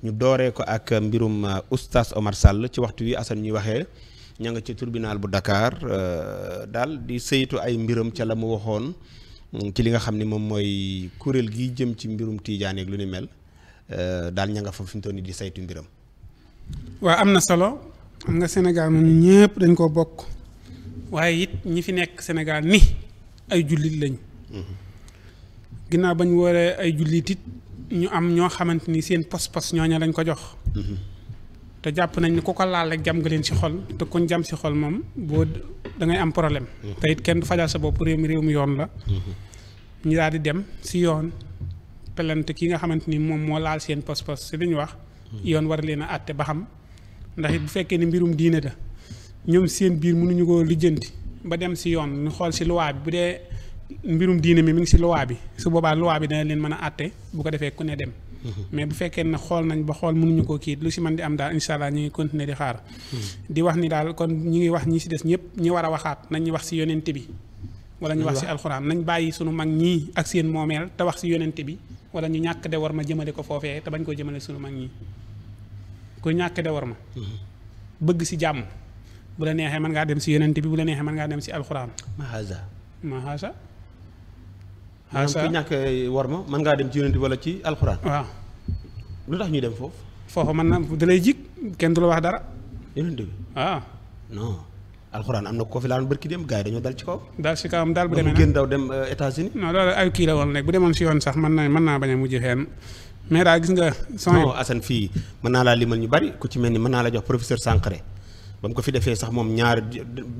ñu dooree ko ak mbirum euh, oustaz Omar Sall ci waxtu wi Assane ñuy waxee ña nga ci tribunal bu dakaar euh, daal di saytu ay mbiram ca la mu waxoon mm, ci li nga xam ne moom mooy kuréel gi jëm ci mbirum tiijaan ak lu ni mel euh, daal ña nga fa fi mu toll di saytu mbiram. waaw am na solo am nga Sénégal moom ñëpp dañ koo bokk waaye it ñi fi nekk Sénégal ni ay jullit lañ. Mm-hmm. ginnaaw bañ wooree ay jullit it ñu am ñoo xamante ni seen pos-pos ñooña lañ ko jox. Mhm. te jàpp nañ ni ku ko laal rek jam nga leen si xol te kuñ jam si xol moom boo da ngay am problème. Mhm. te it kenn du fajal sa bopp réew mi réew mi yoon la. Mhm. ñu daal di dem si yoon pelante ki nga xamante ni moom moo laal seen pos-pos si li ñu wax. yoon war leen a àtte ba xam ndax it bu fekkee ni mbirum diine da ñoom seen biir mënuñu ko lijjanti ba dem si yoon ñu xool si loi bu dee. mbirum diine mi mi ngi ci loi bi su boobaa loi bi dana leen mën a àtte bu ko defee ku ne dem. Mhm. mais bu fekkee ne xool nañ ba xool mënuñu ko kii lu si man di am daal incha allah ñu ngi continuer di xaar. Mhm. di wax ni daal kon ñu ngi wax ñi ci des ñëpp ñi war a waxaat nañ ñu wax ci yonent bi. wala ñu wax ci alxuraan nañ bàyyi suñu mag ñii ak seen moomeel te wax ci yonent bi wala ñu ñàkk de war ma jëmale ko foofee te bañ koo jëmale sunu mag ñii ku ñàkk de war ma. Mhm. bëgg ci jàmm bu la neexee mën ngaa dem ci yonent bi bu la neexee mën ngaa dem ci alxuraan. ku ñàkk eh, war ma mën ngaa dem ci yonent wala ci alxuraan. waaw lu tax ñuy dem foofu. foofu mën na da lay jig kenn du la wax dara. yonent bi waaw. Ah. non alxuraan am na ko fi laan bërki dem gars dañoo dal ci kaw. dal ci kawam daal bu demee nag gën eh, kii la bu demoon si yoon sax mën na mën naa bañ a mujj xeen mais daal gis nga. son non Assane fii mën naa laa limal ñu bari ku ci mel ni mën naa la jox professeur Sankharé ba mu ko fi defee sax moom ñaar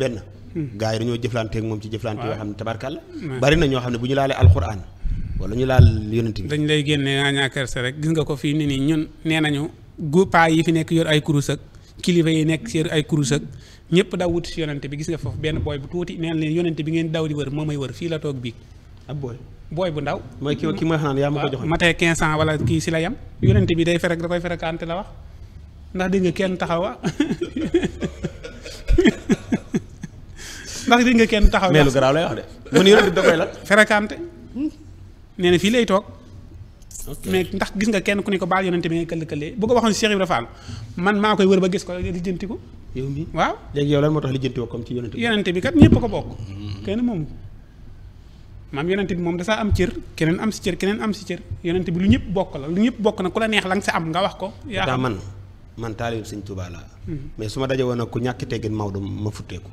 benn. Hmm. gars yi dañoo jëflanteeg moom ci jëflante yoo xam ne tabarkalla. bari na ñoo xam ne bu ñu laalee alxuraan wala ñu laal yonent bi. dañ lay génnee naa ñàkk gis nga ko fii ni nii ñun nee nañu groupe yi fi nekk yor ay kurus ak kilifa yi nekk yor ay kurus ak ñëpp daw wuti yonent bi gis nga foofu benn booy bu tuuti nee na leen yonent bi ngeen daw di wër moo may wër fii la toog bii. ab booy booy bu ndaw. mooy ki ki ma xanaan yaa ma ko joxoon. ma tey 15 ans wala kii si la yem. yonent bi day ferek da koy ferekante la wax. ndax dégg nga kenn taxawa ah? ndax dégg kenn taxaw. mais lu garaaw lay wax de. mu yonent da koy la. fréquenté hmm. nee na fii lay toog. mais ndax gis nga kenn ku ne ko baal yonent bi ngay këll këllee bu ko waxoon Cheikh Ibrahima Fall man maa koy wër ba gis ko lijjanti ko. yow mii waaw léegi yow lan moo tax lijjanti ko comme ci bi. kat ñëpp ko bokk. kenn moomu maam yonent bi moom dasaa am cër keneen am si cër keneen am si cër yonent bi lu ñëpp bokk la lu ñëpp bokk na ku la neex la nga sa am nga wax ko. yaa xam man. man taalibe sëñ Tuubaa mhm. mais su ma daje woon ak ku ñàkk teggin Maodo ma futteeku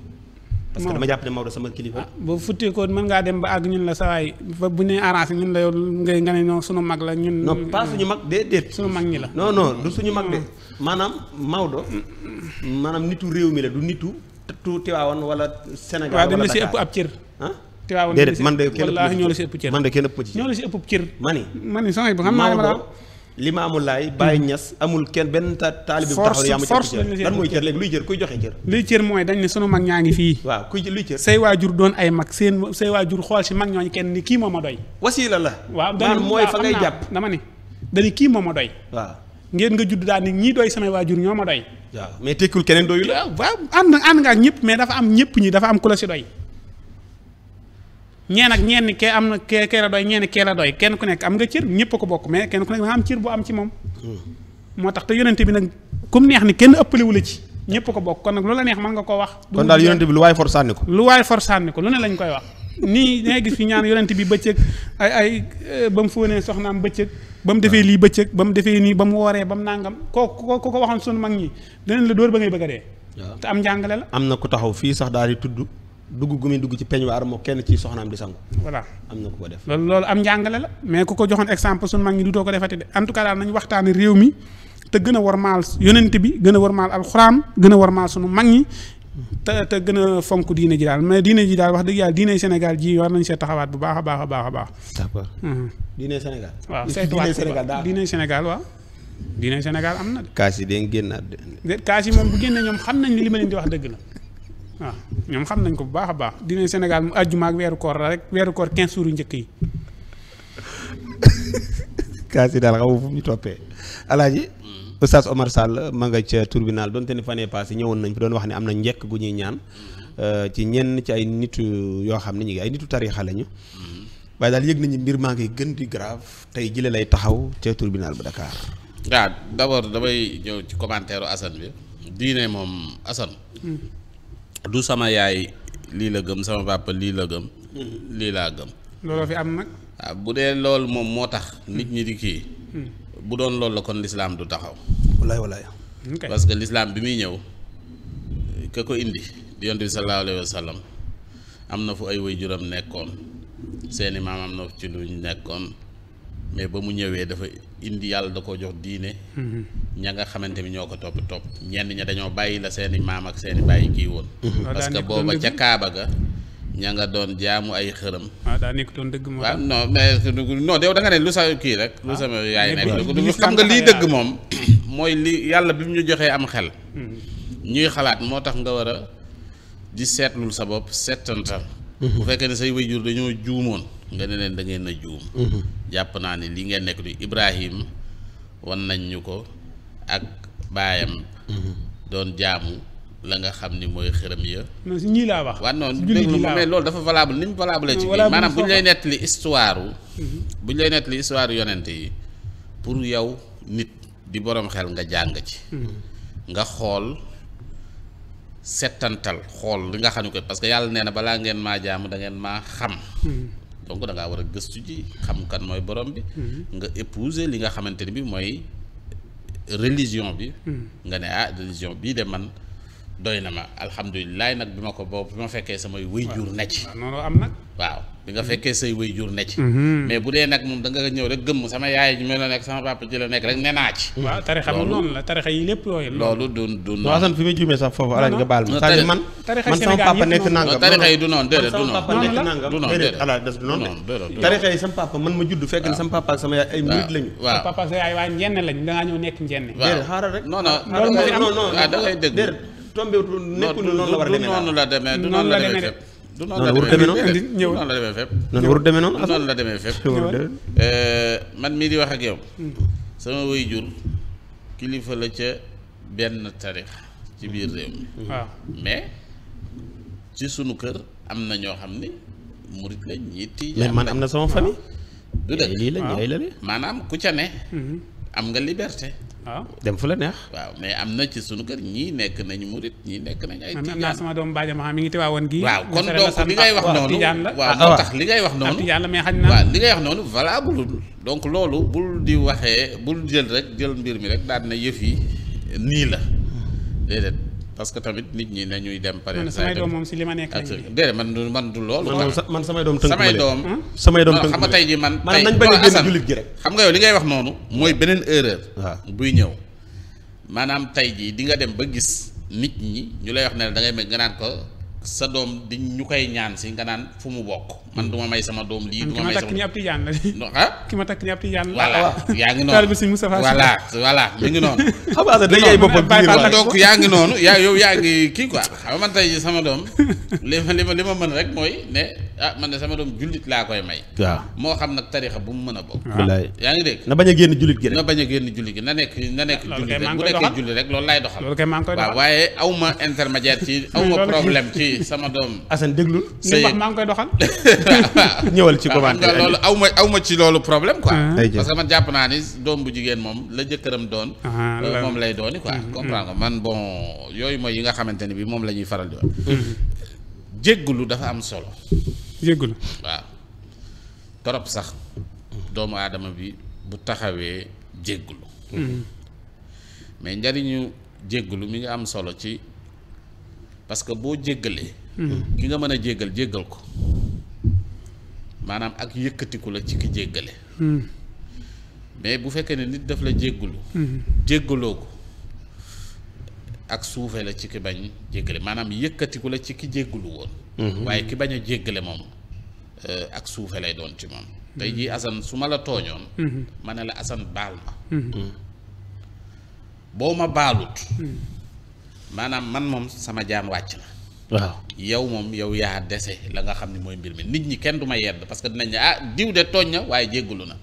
parce que dama jàpp ne Maodo sama kilifa. Ah, boo futteekoo mën ngaa dem ba àgg ñun la sa ba bu ñu arrangé ñun la yow ngay nga ne ñoo sunu mag la ñun. non pas suñu mag déedéet. sunu mag ñi la non non suñu mag de. maanaam Maodo mm. maanaam nitu réew mi la du nitu tu Tiwaawan wala Sénégal wala man de kenn ëpp wallaahi ñoo la si ëpp cër. man de kenn ëpp ma ci bu xam naa la ma li Limaamu amulaay Baay Ñas amul kenn benn taalibe bu taxaw yaa ma force lan mooy cër luy cër kuy joxe cër luy cër mooy dañ ne sunu mag ñaa ngi fii waaw kuy luy cër say waajur doon ay mag seen say waajur xool si mag ñooñu kenn ni kii moo ma doy wasiila la waaw dañ mooy fa ngay jàpp dama ne dañu kii moo ma doy waaw ngeen nga judd daal ni ñii doy samay waajur ñoo ma doy waaw mais tekkul keneen doyu la waaw ànd ànd nga ak ñëpp mais dafa am ñëpp ñi dafa am ku la si doy ñeen ak ñeen kee am na kee kee la doy ñeen kee la doy kenn ku nekk am nga cër ñëpp ko bokk mais kenn ku nekk nga am cër bu am ci moom. Hmm. moo tax te yonente bi nag kum neex ni kenn ëppalewu la ci ñëpp ko bokk kon nag lu la neex man nga ko wax. kon daal yonente waay for sànni ko. lu waay for sànni ko lu ne lañ koy wax. nii dangay gis fi ñaan yonent bi bëccëg ay ay eh, ba mu fóonee soxnaam bëccëg ba mu defee hmm. lii bëccëg ba mu defee nii ba mu wooree ba mu nàngam kooku ko ko waxoon sunu mag ñi danañ la dóor ba ngay bëgg a dee te am njàngale la am na ku taxaw fii sax daal di tudd dugg gu muy dugg ci peignoir moo kenn ci soxnaam di sangu. voilà am na ku ko def. loolu loolu am njàngale la mais ku ko joxoon exemple suñu mag ñi dutoo ko defati de en tout daal nañu waxtaane réew mi te gën a war maal yonent bi gën a war maal alxuraan gën suñu mag ñi. te te gën a fonk diine ji daal mais diine ji daal wax dëgg yàlla diine Sénégal ji war nañ see taxawaat bu baax a baax a baax a baax. d'accord diine Sénégal. waaw saytuwaat Sénégal diine Sénégal waaw. diine Sénégal am na. kaas yi day génnaat de. kaas yi moom xam nañ li ma leen wax dëgg la waaw ah, ñoom xam nañ ko bu baax a baax dinañ Sénégal mu àjjuma ak weeru koor la rek weeru koor 15 jours yu njëkk yi. kaas yi daal xaw fu ñu toppee alaaji mm. Oustaz Omar Sall ma nga ca tribunal doonte ne fan yii passé ñëwoon nañ fi doon wax ne am na njekk gu ñuy ñaan mm. euh, ci ñenn ci ay nitu yoo xam ne ñu ngi ay nitu tariixa lañu. Mm. waaye daal yëg nañu mbir maa ngi gën di grave tey jile lay taxaw ca turbinal bu Dakar. waaw d' abord damay ñëw ci commentaire Assane bi moom Assane. du sama yaay lii la gëm sama bàpp lii la gëm. Mm-hmm. lii laa gëm. looloo fi am nag. waaw ah, bu dee lool moom moo tax. nit ñi di kii. Mm-hmm. bu doon lool la kon lislaam du taxaw. walaay walaay. parce que lislaam bi muy ñëw ka ko indi di yonent bi sallallahu alayhi wa am na fu ay waajuram nekkoon seeni maam am na fu ci lu nekkoon. mais ba mu ñëwee dafa indi yàlla da koo jox diine. Mm-hmm. ña nga xamante ni ñoo ko topp topp ñenn ña dañoo bàyyi la seeni maam ak seeni bàyyi kii woon. Mm-hmm. Ah, parce que booba ca Kaaba ga. ña nga doon jaamu ay xërëm. ah daa dëgg moom. waaw ah, non mais non yow da ne lu sa kii rek. lu ah, sa yaay nekk lu xam nga liy dëgg moom. mooy li yàlla bi mu ñu joxee am xel. Mm-hmm. ñuy xalaat moo tax nga war a di seetlul sa bopp seetantal. bu fekkee ne say wayjur dañoo juumoon nga ne leen da juum. jàpp naa ni li ngeen nekk du Ibrahim wan nañ ñu ko ak baayam mm-hmm. doon jaamu la nga xam ni mooy xërëm ya non si ñii wax waaw non loolu dafa valable ni mu valable ci kii maanaam mm-hmm. bu ñu lay nettali histoire bu ñu lay nettali histoire yonent yi pour yow nit di boroom xel nga jàng ci mm-hmm. nga xool settantal xool li nga xam ne ko parce que yàlla nee na balaa ngeen maa jaamu dangeen maa xam donc da war a gëstu ci xam kan mooy borom bi. Mm-hmm. nga épouser li nga xamante ni bi mooy religion bi. Mm-hmm. nga ne ah religion bii de man doy na ma alhamdulilah nag bi ma ko boobu bi ma fekkee samay. waaw wéyjur na ci. am waaw bi nga fekkee say way jur ne ci mhm. mais bu dee nag moom da nga ñëw rek gëmm sama yaay ji nekk sama papa ji la nekk rek ne naa noonu la yi lépp yooyu loolu fi ma juumee sax foofu alaaj nga baal ma c'est-à-dire man de tarixa yi sama papa man ma judd fekk sa yaay waaye njenn lañ da nekk njenn déedéet xaaral rek non non da ngay dégg déedéet tombé nekkul noonu la war demee du noonu la demee demee du noonu la demee noonu ñëw la demee fépp. noonu warut demee noonu. noonu la demee fépp. Eh, man mii di wax ak yow. sama way jur kilifa la ca benn tarix ci biir réew mi. Hmm. waaw mais ci sunu kër am na ñoo xam ni murit lañ ñii tijaan. man am na sama famille. du dëgg maanaam ku ca ne. Hmm. am nga liberté. waaw dem fu la neex. waaw mais am na ci sunu kër ñii nekk nañu murit ñii nekk nañu ay. tijaan naa mi ngi teewaawoon gi waaw kon donc li ngay wax noonu waaw ah, moo ah, tax li ngay wax ah, noonu. tijaan la mais xaj na waaw li ngay wax noonu valable donc loolu bul di waxee bul jël rek jël mbir mi rek daal na yëf yi nii la déedéet. parce que tamit nit ñi nañuy dem. par exemple samay doom moom si li ma nekk déedéet man du man du loolu. man samay doom samay doom. samay doom tënk xam nga tey jii man. tey a génn jullit gi rek. xam nga yow li ngay wax noonu. mooy beneen erreur. Ah. buy ñëw maanaam tey jii di nga dem ba gis nit ñi ñu lay wax ne da ngay mel nga ko. sa doom di ñu koy ñaan si nga naan fu mu bokk man hmm. du ma may sama doom lii du ma may sama doom ki ma takk nii ab la ah ki ma takk nii ab tijaan la voilà ah, ah. yaa ngi noonu taalibe Sëriñ Moustapha yaa ngi noonu yaa yow yaa ngi kii quoi xam man tey sama doom li ma li ma li ma mën rek mooy ne ah man de sama doom jullit laa koy may. waaw moo xam nag tarixa bu mu mën a bokk. Ah. wallaay yaa ngi dégg. na bañ a génn jullit gi rek na bañ a génn jullit gi na nekk na nekk. jullit rek bu nekkee jullit rek loolu laay doxal. loolu kay maa waaye aw ma intermédiaire ci aw ma problème ci sama doom. Assane déglul. sëy wax maa ngi koy doxal. ñëwal ci commentaire ma aw ma ci loolu problème quoi. Ah. parce que man jàpp naa ni doom bu jigéen moom la jëkkëram doon. Ah, euh, moom lay dooni ko mm-hmm. comprendre man bon yooyu mooy yi nga xamante ne bi moom la ñuy faral di jéggulu dafa am solo. jéggulu waaw torop sax doomu aadama bi bu taxawee jéggulu hmm. mais njariñu jéggulu mi ngi am solo ci parce que boo jéggalee. Hmm. ki nga mën a jéggal jéggal ko maanaam ak yëkkatiku la ci ki jéggale. Hmm. mais bu fekkee ne nit daf la jéggulu jéggaloo ko. ak suufee la ci ki bañ jéggale maanaam yëkkatiku la ci ki jéggulu woon mhm. waaye ki bañ a jéggale moom euh, ak suufe lay doon ci moom mhm. tey jii Assane su ma la tooñoon mhm. ma ne la Assane baal ma boo ma baalut maanaam man moom sama jaan wàcc na waaw yow moom yow yaa dese la nga xam ne mooy mbir mi nit ñi kenn du ma yedd parce que dinañ ne ah diw de tooñ na waaye jéggulu na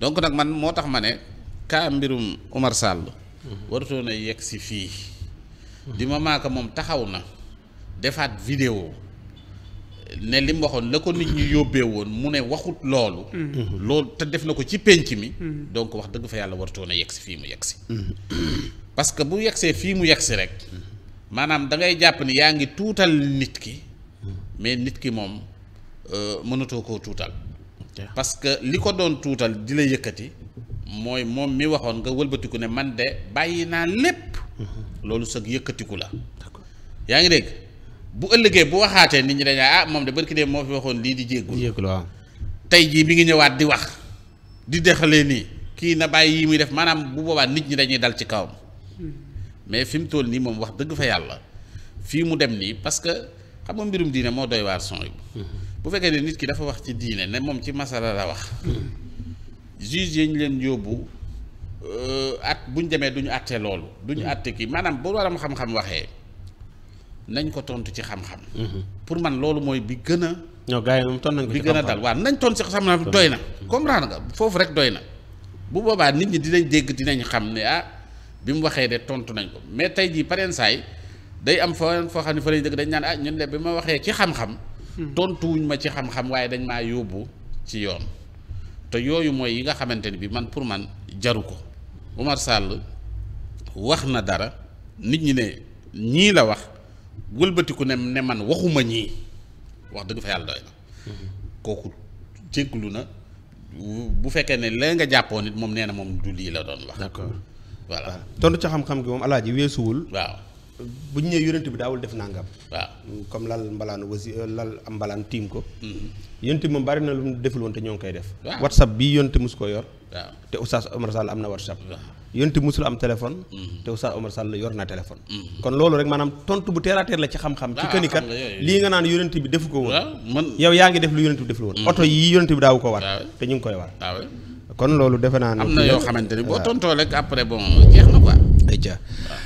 donc nag man moo tax ma ne kaa mbirum Omar Sall warutoon a yegg si fii di ma que moom taxaw na defaat vidéo ne li mu waxoon la ko nit ñi yóbbee woon mu ne waxut loolu. Mm-hmm. loolu te def na ko ci pénc mi. Mm-hmm. donc wax dëgg fa yàlla wartoon a yegsi fii mu yegsi. Mm-hmm. parce que bu yegsee fii mu yegsi rek maanaam da ngay jàpp ni yaa ngi tuutal nit ki mais nit ki moom euh, mënatoo koo tuutal. parce que li ko doon tuutal di la yëkkati mooy moom mi waxoon nga wëlbatiku ne man de bàyyi naa lépp. loolu sag yëkkatiku la yaa ngi dégg bu ëllëgee bu waxaatee nit ñi dañ ah moom de barki dee moo fi waxoon lii di jéggul jéggul waaw tey jii mi ngi ñëwaat di wax di dexalee nii kii na bàyyi yi muy def maanaam bu boobaa nit ñi dañuy dal ci kawam hmm. mais fi mu toll nii moom wax dëgg fa yàlla fii mu dem nii parce que xam nga mbirum diine moo doy waar son yi hmm. bu fekkee ne nit ki dafa wax ci diine ne moom ci masala la wax hmm. juge yi ñu leen yóbbu Euh, at bu ñu demee du ñu loolu. duñu ñu mm-hmm. àtte kii maanaam bu waram xam-xam waxee nañ ko tontu ci xam-xam. Mm-hmm. pour man loolu mooy bi gën a. ñoo gars yi moom tontu nañ ko ci bi gën a dal waaw nañ tontu ci xam-xam doy na. Mm-hmm. comprendre nga foofu rek doy na bu boobaa nit ñi dinañ dégg dinañ xam ne ah bi mu waxee de tontu nañ ko mais tey jii pareen saay day am foo foo xam ne fa lañ dëgg dañ naan ah ñun de bi ma waxee ci xam-xam. Hmm. tontuwuñ ma ci xam-xam waaye dañ maa yóbbu ci yoon te yooyu mooy yi nga xamante ni bi man pour man jaru ko. Umar wax na dara nit ñi ne ñii la wax wëlbatiku ne ne man waxuma ñii wax dëgg fa yàlla doy na kooku jégglu na bu fekkee ne la nga jàppoo nit moom nee na moom du lii la doon wax d'accord voilà tontu ca xam-xam gi moom alaaji weesuwul waaw bu ñu nee yonent bi daawul def nangam. waaw comme lal mbalaanu wasi euh, lal am mbalaan tiim ko. Mm-hmm. yonent bi moom bari na lu mu deful woon te ñoo ngi koy def. whatsapp bii yonent mus ko yor. te Oustaz Omar Sall am na whatsapp. yonent musul am téléphone. Mm-hmm. te Oustaz Omar Sall yor na téléphone. Mm-hmm. kon loolu rek maanaam tontu bu teer la ci xam-xam. ci këni lii nga naan yonent bi defu ko woon. yow yaa ngi def lu yonent bi deful woon. oto yii yonent bi daawu ko war. te ñu ngi koy kon loolu defe na yoo xamante ni boo tontoo rek après bon jeex na quoi.